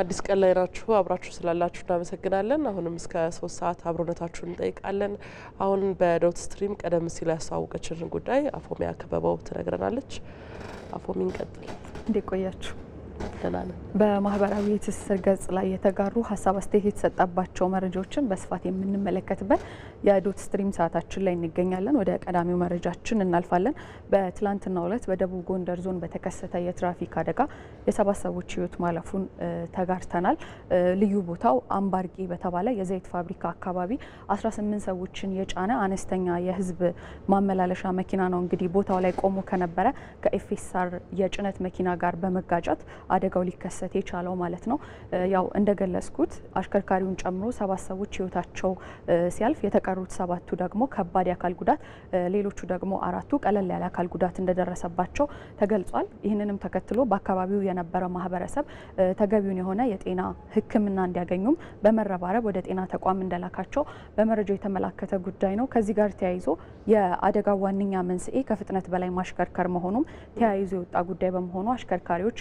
አዲስ ቀን ላይ ናችሁ። አብራችሁ ስላላችሁ እናመሰግናለን። አሁንም እስከ ሶስት ሰዓት አብሮነታችሁን እንጠይቃለን። አሁን በዶት ስትሪም ቀደም ሲል ያስተዋወቀችን ጉዳይ አፎሚያ ከበባው ትነግረናለች። አፎሚ እንቀጥል። እንዴት ቆያችሁ? እንቀጥላለን። በማህበራዊ ትስስር ገጽ ላይ የተጋሩ ሀሳብ አስተያየት የተሰጠባቸው መረጃዎችን በስፋት የምንመለከትበት የዶት ስትሪም ሰዓታችን ላይ እንገኛለን። ወደ ቀዳሚው መረጃችን እናልፋለን። በትላንትናው ዕለት በደቡብ ጎንደር ዞን በተከሰተ የትራፊክ አደጋ የሰባት ሰዎች ህይወት ማለፉን ተጋርተናል። ልዩ ቦታው አምባርጌ በተባለ የዘይት ፋብሪካ አካባቢ 18 ሰዎችን የጫነ አነስተኛ የህዝብ ማመላለሻ መኪና ነው እንግዲህ ቦታው ላይ ቆሞ ከነበረ ከኤፌሳር የጭነት መኪና ጋር በመጋጨት አደጋ አደጋው ሊከሰት የቻለው ማለት ነው። ያው እንደገለጽኩት አሽከርካሪውን ጨምሮ ሰባት ሰዎች ህይወታቸው ሲያልፍ የተቀሩት ሰባቱ ደግሞ ከባድ የአካል ጉዳት፣ ሌሎቹ ደግሞ አራቱ ቀለል ያለ አካል ጉዳት እንደደረሰባቸው ተገልጿል። ይህንንም ተከትሎ በአካባቢው የነበረ ማህበረሰብ ተገቢውን የሆነ የጤና ሕክምና እንዲያገኙም በመረባረብ ወደ ጤና ተቋም እንደላካቸው በመረጃው የተመላከተ ጉዳይ ነው። ከዚህ ጋር ተያይዞ የአደጋው ዋነኛ መንስኤ ከፍጥነት በላይ ማሽከርከር መሆኑም ተያይዞ የወጣ ጉዳይ በመሆኑ አሽከርካሪዎች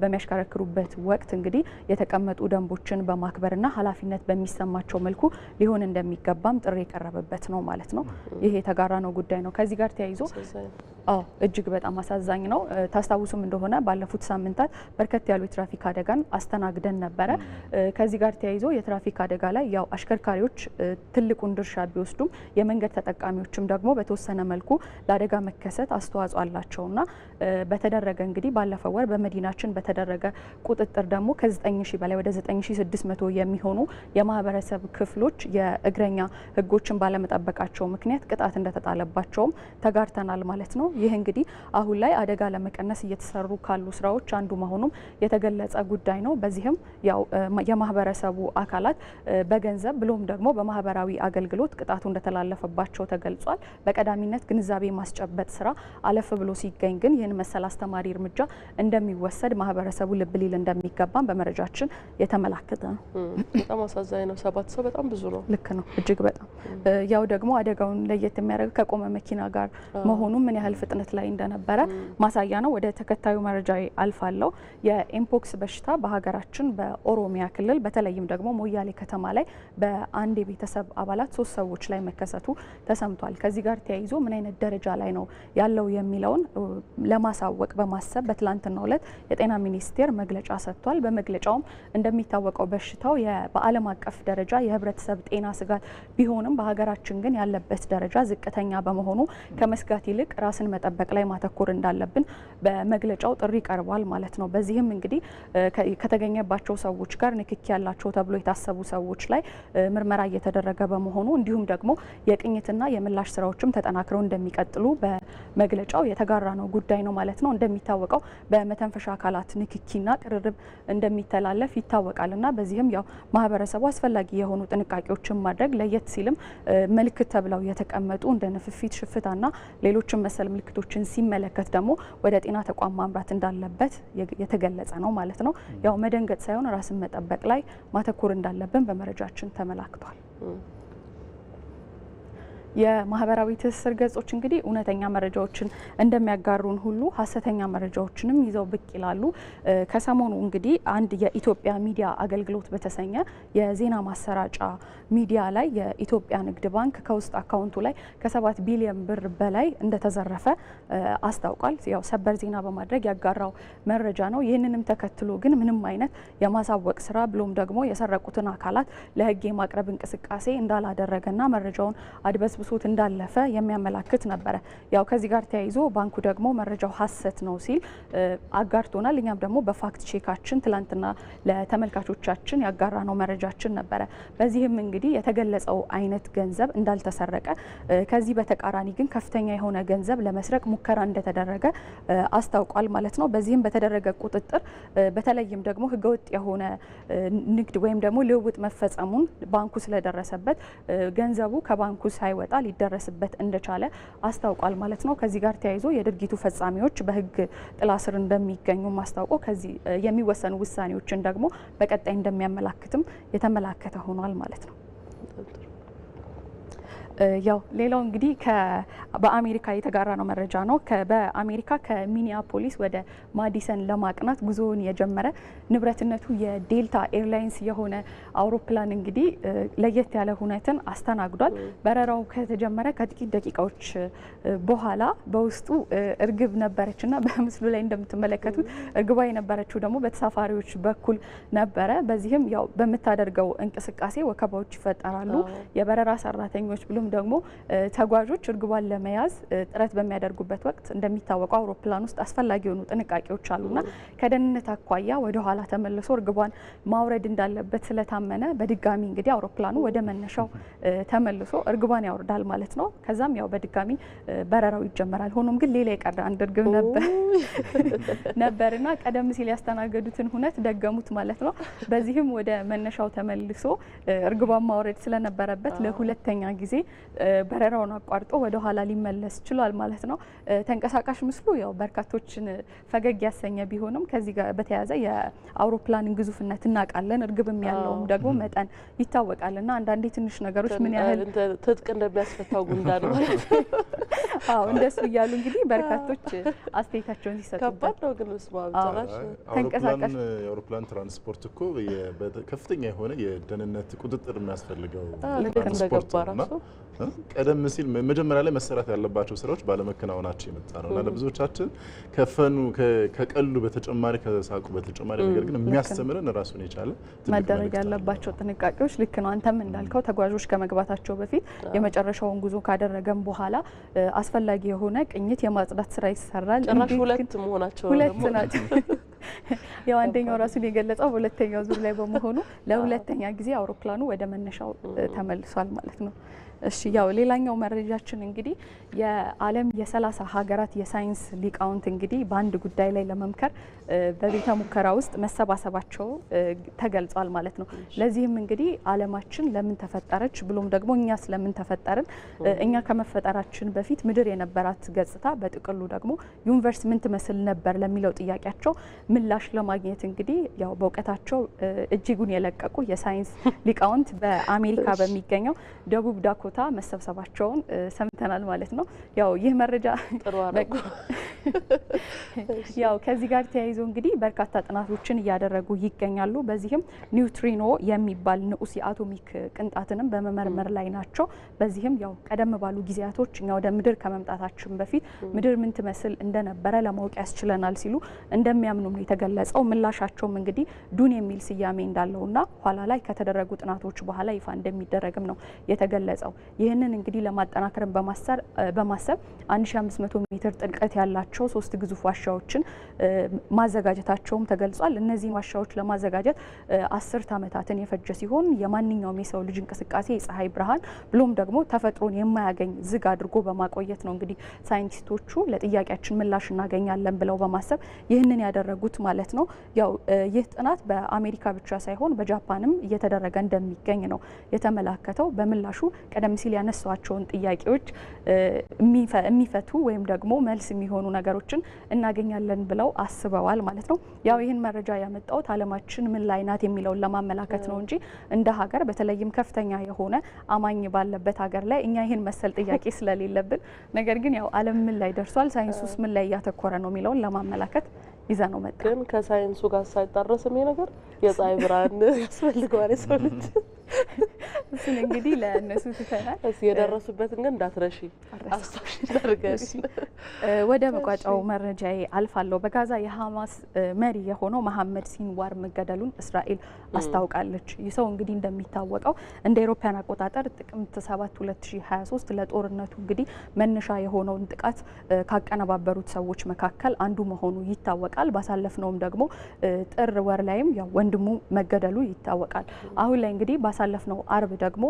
በሚያሽ በሚያሽከረክሩበት ወቅት እንግዲህ የተቀመጡ ደንቦችን በማክበርና ኃላፊነት በሚሰማቸው መልኩ ሊሆን እንደሚገባም ጥሪ የቀረበበት ነው ማለት ነው። ይሄ የተጋራ ነው ጉዳይ ነው። ከዚህ ጋር ተያይዞ አዎ እጅግ በጣም አሳዛኝ ነው። ታስታውሱም እንደሆነ ባለፉት ሳምንታት በርከት ያሉ የትራፊክ አደጋን አስተናግደን ነበረ። ከዚህ ጋር ተያይዞ የትራፊክ አደጋ ላይ ያው አሽከርካሪዎች ትልቁን ድርሻ ቢወስዱም የመንገድ ተጠቃሚዎችም ደግሞ በተወሰነ መልኩ ለአደጋ መከሰት አስተዋጽኦ አላቸውና በተደረገ እንግዲህ ባለፈው ወር በመዲናችን በተደረገ በተደረገ ቁጥጥር ደግሞ ከ9000 በላይ ወደ 9600 የሚሆኑ የማህበረሰብ ክፍሎች የእግረኛ ህጎችን ባለመጠበቃቸው ምክንያት ቅጣት እንደተጣለባቸውም ተጋርተናል ማለት ነው። ይህ እንግዲህ አሁን ላይ አደጋ ለመቀነስ እየተሰሩ ካሉ ስራዎች አንዱ መሆኑም የተገለጸ ጉዳይ ነው። በዚህም ያው የማህበረሰቡ አካላት በገንዘብ ብሎም ደግሞ በማህበራዊ አገልግሎት ቅጣቱ እንደተላለፈባቸው ተገልጿል። በቀዳሚነት ግንዛቤ ማስጨበጥ ስራ አለፍ ብሎ ሲገኝ ግን ይህን መሰል አስተማሪ እርምጃ እንደሚወሰድ ማህበረሰቡ ማህበረሰቡ ልብ ሊል እንደሚገባም በመረጃችን የተመላከተ ነው። በጣም አሳዛኝ ነው። ሰባት ሰው በጣም ብዙ ነው። ልክ ነው። እጅግ በጣም ያው ደግሞ አደጋውን ለየት የሚያደርግ ከቆመ መኪና ጋር መሆኑ ምን ያህል ፍጥነት ላይ እንደነበረ ማሳያ ነው። ወደ ተከታዩ መረጃ አልፋለሁ። የኤምፖክስ በሽታ በሀገራችን በኦሮሚያ ክልል በተለይም ደግሞ ሞያሌ ከተማ ላይ በአንድ የቤተሰብ አባላት ሶስት ሰዎች ላይ መከሰቱ ተሰምቷል። ከዚህ ጋር ተያይዞ ምን አይነት ደረጃ ላይ ነው ያለው የሚለውን ለማሳወቅ በማሰብ በትላንትናው ዕለት የጤና ሚኒስ ሚኒስቴር መግለጫ ሰጥቷል። በመግለጫውም እንደሚታወቀው በሽታው በዓለም አቀፍ ደረጃ የህብረተሰብ ጤና ስጋት ቢሆንም በሀገራችን ግን ያለበት ደረጃ ዝቅተኛ በመሆኑ ከመስጋት ይልቅ ራስን መጠበቅ ላይ ማተኮር እንዳለብን በመግለጫው ጥሪ ቀርቧል ማለት ነው። በዚህም እንግዲህ ከተገኘባቸው ሰዎች ጋር ንክኪ ያላቸው ተብሎ የታሰቡ ሰዎች ላይ ምርመራ እየተደረገ በመሆኑ እንዲሁም ደግሞ የቅኝትና የምላሽ ስራዎችም ተጠናክረው እንደሚቀጥሉ መግለጫው የተጋራ ነው ጉዳይ ነው ማለት ነው። እንደሚታወቀው በመተንፈሻ አካላት ንክኪና ቅርርብ እንደሚተላለፍ ይታወቃል እና በዚህም ያው ማህበረሰቡ አስፈላጊ የሆኑ ጥንቃቄዎችን ማድረግ ለየት ሲልም ምልክት ተብለው የተቀመጡ እንደ ንፍፊት፣ ሽፍታና ሌሎችን መሰል ምልክቶችን ሲመለከት ደግሞ ወደ ጤና ተቋም ማምራት እንዳለበት የተገለጸ ነው ማለት ነው። ያው መደንገጥ ሳይሆን ራስን መጠበቅ ላይ ማተኮር እንዳለብን በመረጃችን ተመላክቷል። የማህበራዊ ትስስር ገጾች እንግዲህ እውነተኛ መረጃዎችን እንደሚያጋሩን ሁሉ ሀሰተኛ መረጃዎችንም ይዘው ብቅ ይላሉ። ከሰሞኑ እንግዲህ አንድ የኢትዮጵያ ሚዲያ አገልግሎት በተሰኘ የዜና ማሰራጫ ሚዲያ ላይ የኢትዮጵያ ንግድ ባንክ ከውስጥ አካውንቱ ላይ ከሰባት ቢሊዮን ብር በላይ እንደተዘረፈ አስታውቋል። ያው ሰበር ዜና በማድረግ ያጋራው መረጃ ነው። ይህንንም ተከትሎ ግን ምንም አይነት የማሳወቅ ስራ ብሎም ደግሞ የሰረቁትን አካላት ለህግ የማቅረብ እንቅስቃሴ እንዳላደረገና መረጃውን አድበስ ብሶት እንዳለፈ የሚያመላክት ነበረ። ያው ከዚህ ጋር ተያይዞ ባንኩ ደግሞ መረጃው ሀሰት ነው ሲል አጋርቶናል። እኛም ደግሞ በፋክት ቼካችን ትላንትና ለተመልካቾቻችን ያጋራ ነው መረጃችን ነበረ። በዚህም እንግዲህ የተገለጸው አይነት ገንዘብ እንዳልተሰረቀ፣ ከዚህ በተቃራኒ ግን ከፍተኛ የሆነ ገንዘብ ለመስረቅ ሙከራ እንደተደረገ አስታውቋል ማለት ነው። በዚህም በተደረገ ቁጥጥር በተለይም ደግሞ ህገወጥ የሆነ ንግድ ወይም ደግሞ ልውውጥ መፈጸሙን ባንኩ ስለደረሰበት ገንዘቡ ከባንኩ ሳይወጣ እንዲወጣ ሊደረስበት እንደቻለ አስታውቋል ማለት ነው። ከዚህ ጋር ተያይዞ የድርጊቱ ፈጻሚዎች በህግ ጥላ ስር እንደሚገኙ አስታውቆ ከዚህ የሚወሰኑ ውሳኔዎችን ደግሞ በቀጣይ እንደሚያመላክትም የተመላከተ ሆኗል ማለት ነው። ያው ሌላው እንግዲህ በአሜሪካ የተጋራ ነው መረጃ ነው። በአሜሪካ ከሚኒያፖሊስ ወደ ማዲሰን ለማቅናት ጉዞውን የጀመረ ንብረትነቱ የዴልታ ኤርላይንስ የሆነ አውሮፕላን እንግዲህ ለየት ያለ ሁነትን አስተናግዷል። በረራው ከተጀመረ ከጥቂት ደቂቃዎች በኋላ በውስጡ እርግብ ነበረች ና በምስሉ ላይ እንደምትመለከቱት እርግቧ የነበረችው ደግሞ በተሳፋሪዎች በኩል ነበረ። በዚህም ያው በምታደርገው እንቅስቃሴ ወከባዎች ይፈጠራሉ። የበረራ ሰራተኞች ብሎም ደግሞ ተጓዦች እርግቧን ለመያዝ ጥረት በሚያደርጉበት ወቅት እንደሚታወቀው አውሮፕላን ውስጥ አስፈላጊ የሆኑ ጥንቃቄዎች አሉና ከደህንነት አኳያ ወደ ኋላ ተመልሶ እርግቧን ማውረድ እንዳለበት ስለታመነ በድጋሚ እንግዲህ አውሮፕላኑ ወደ መነሻው ተመልሶ እርግቧን ያወርዳል ማለት ነው። ከዛም ያው በድጋሚ በረራው ይጀመራል። ሆኖም ግን ሌላ የቀረ አንድ እርግብ ነበር ነበርና ቀደም ሲል ያስተናገዱትን ሁነት ደገሙት ማለት ነው። በዚህም ወደ መነሻው ተመልሶ እርግቧን ማውረድ ስለነበረበት ለሁለተኛ ጊዜ በረራውን አቋርጦ ወደ ኋላ ሊመለስ ችሏል ማለት ነው። ተንቀሳቃሽ ምስሉ ያው በርካቶችን ፈገግ ያሰኘ ቢሆንም ከዚህ ጋር በተያያዘ የአውሮፕላንን ግዙፍነት እናውቃለን። እርግብም ያለውም ደግሞ መጠን ይታወቃል እና አንዳንዴ ትንሽ ነገሮች ምን ያህል ትጥቅ እንደሚያስፈታው ጉንዳን ማለት አዎ፣ እንደሱ እያሉ እንግዲህ በርካቶች አስተያየታቸውን ሲሰጡ ከባድ ነው ግን ተንቀሳቃሽ የአውሮፕላን ትራንስፖርት እኮ ከፍተኛ የሆነ የደህንነት ቁጥጥር የሚያስፈልገው ትራንስፖርት ነው። ቀደም ሲል መጀመሪያ ላይ መሰራት ያለባቸው ስራዎች ባለመከናወናቸው የመጣ ነው እና ለብዙዎቻችን ከፈኑ ከቀሉ በተጨማሪ ከሳቁ በተጨማሪ ነገር ግን የሚያስተምረን ራሱን የቻለ መደረግ ያለባቸው ጥንቃቄዎች ልክ ነው። አንተም እንዳልከው ተጓዦች ከመግባታቸው በፊት የመጨረሻውን ጉዞ ካደረገም በኋላ አስፈላጊ የሆነ ቅኝት የማጽዳት ስራ ይሰራል። ጭራሽ ሁለት መሆናቸው ሁለት ናቸው። ያው አንደኛው ራሱን የገለጸው በሁለተኛው ዙር ላይ በመሆኑ ለሁለተኛ ጊዜ አውሮፕላኑ ወደ መነሻው ተመልሷል ማለት ነው። እሺ ያው ሌላኛው መረጃችን እንግዲህ የዓለም የሰላሳ ሀገራት የሳይንስ ሊቃውንት እንግዲህ በአንድ ጉዳይ ላይ ለመምከር በቤተ ሙከራ ውስጥ መሰባሰባቸው ተገልጿል ማለት ነው። ለዚህም እንግዲህ ዓለማችን ለምን ተፈጠረች ብሎም ደግሞ እኛ ስለምን ተፈጠርን፣ እኛ ከመፈጠራችን በፊት ምድር የነበራት ገጽታ፣ በጥቅሉ ደግሞ ዩኒቨርስ ምን ትመስል ነበር ለሚለው ጥያቄያቸው ምላሽ ለማግኘት እንግዲህ ያው በእውቀታቸው እጅጉን የለቀቁ የሳይንስ ሊቃውንት በአሜሪካ በሚገኘው ደቡብ ዳኮ ቦታ መሰብሰባቸውን ሰምተናል ማለት ነው። ያው ይህ መረጃ ያው ከዚህ ጋር ተያይዞ እንግዲህ በርካታ ጥናቶችን እያደረጉ ይገኛሉ። በዚህም ኒውትሪኖ የሚባል ንዑስ የአቶሚክ ቅንጣትንም በመመርመር ላይ ናቸው። በዚህም ያው ቀደም ባሉ ጊዜያቶች እኛ ወደ ምድር ከመምጣታችን በፊት ምድር ምን ትመስል እንደነበረ ለማወቅ ያስችለናል ሲሉ እንደሚያምኑም ነው የተገለጸው። ምላሻቸውም እንግዲህ ዱን የሚል ስያሜ እንዳለውና ኋላ ላይ ከተደረጉ ጥናቶች በኋላ ይፋ እንደሚደረግም ነው የተገለጸው። ይህንን እንግዲህ ለማጠናከር በማሰብ 1500 ሜትር ጥልቀት ያላቸው ሶስት ግዙፍ ዋሻዎችን ማዘጋጀታቸውም ተገልጿል። እነዚህን ዋሻዎች ለማዘጋጀት አስርት ዓመታትን የፈጀ ሲሆን የማንኛውም የሰው ልጅ እንቅስቃሴ የፀሐይ ብርሃን ብሎም ደግሞ ተፈጥሮን የማያገኝ ዝግ አድርጎ በማቆየት ነው እንግዲህ ሳይንቲስቶቹ ለጥያቄያችን ምላሽ እናገኛለን ብለው በማሰብ ይህንን ያደረጉት ማለት ነው። ያው ይህ ጥናት በአሜሪካ ብቻ ሳይሆን በጃፓንም እየተደረገ እንደሚገኝ ነው የተመላከተው። በምላሹ ቀደም ቀደም ሲል ያነሷቸውን ጥያቄዎች የሚፈቱ ወይም ደግሞ መልስ የሚሆኑ ነገሮችን እናገኛለን ብለው አስበዋል ማለት ነው። ያው ይህን መረጃ ያመጣሁት አለማችን ምን ላይ ናት የሚለውን ለማመላከት ነው እንጂ እንደ ሀገር በተለይም ከፍተኛ የሆነ አማኝ ባለበት ሀገር ላይ እኛ ይህን መሰል ጥያቄ ስለሌለብን፣ ነገር ግን ያው አለም ምን ላይ ደርሷል፣ ሳይንሱስ ምን ላይ እያተኮረ ነው የሚለውን ለማመላከት ይዛ ነው መጣ። ግን ከሳይንሱ ጋር ሳይጣረስ ነገር የፀሐይ ብርሃን ያስፈልገዋል የሰው ልጅ እሱን እንግዲህ ለእነሱ ትተናል። የደረሱበትን ግን እንዳትረሺ አስታውሽ ወደ መቋጫው መረጃ አልፋለሁ። በጋዛ የሐማስ መሪ የሆነው መሀመድ ሲንዋር መገደሉን እስራኤል አስታውቃለች። ይህ ሰው እንግዲህ እንደሚታወቀው እንደ ኤሮፓያን አቆጣጠር ጥቅምት 7 2023 ለጦርነቱ እንግዲህ መነሻ የሆነውን ጥቃት ካቀነባበሩት ሰዎች መካከል አንዱ መሆኑ ይታወቃል። ባሳለፍነውም ደግሞ ጥር ወር ላይም ያው ወንድሙ መገደሉ ይታወቃል። አሁን ላይ እንግዲህ ባሳለፍነው አርብ ደግሞ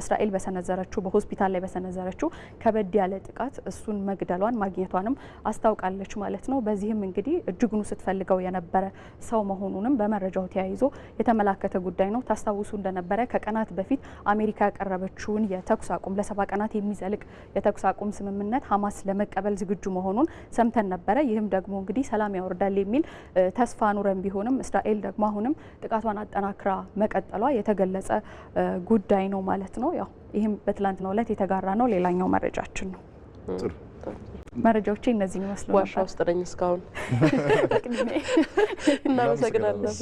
እስራኤል በሰነዘረችው በሆስፒታል ላይ በሰነዘረችው ከበድ ያለ ጥቃት እሱን መግደሏን ማግኘቷንም አስታውቃለች ማለት ነው። በዚህም እንግዲህ እጅጉኑ ስትፈልገው የነበረ ሰው መሆኑንም በመረጃው ተያይዞ የተመላከተ ጉዳይ ነው። ታስታውሱ እንደነበረ ከቀናት በፊት አሜሪካ ያቀረበችውን የተኩስ አቁም ለሰባ ቀናት የሚዘልቅ የተኩስ አቁም ስምምነት ሀማስ ለመቀበል ዝግጁ መሆኑን ሰምተን ነበረ። ይህም ደግሞ እንግዲህ ሰላም ያወርዳል የሚል ተስፋ ኑረን ቢሆንም እስራኤል ደግሞ አሁንም ጥቃቷን አጠናክራ መቀጠሏ የተገለጸ ጉዳይ ጉዳይ ነው ማለት ነው። ያው ይህም በትላንትናው ዕለት የተጋራ ነው። ሌላኛው መረጃችን ነው። መረጃዎቼ እነዚህ ይመስሉ ነበር። ዋሻ ውስጥ ነኝ እስካሁን። እናመሰግናለን።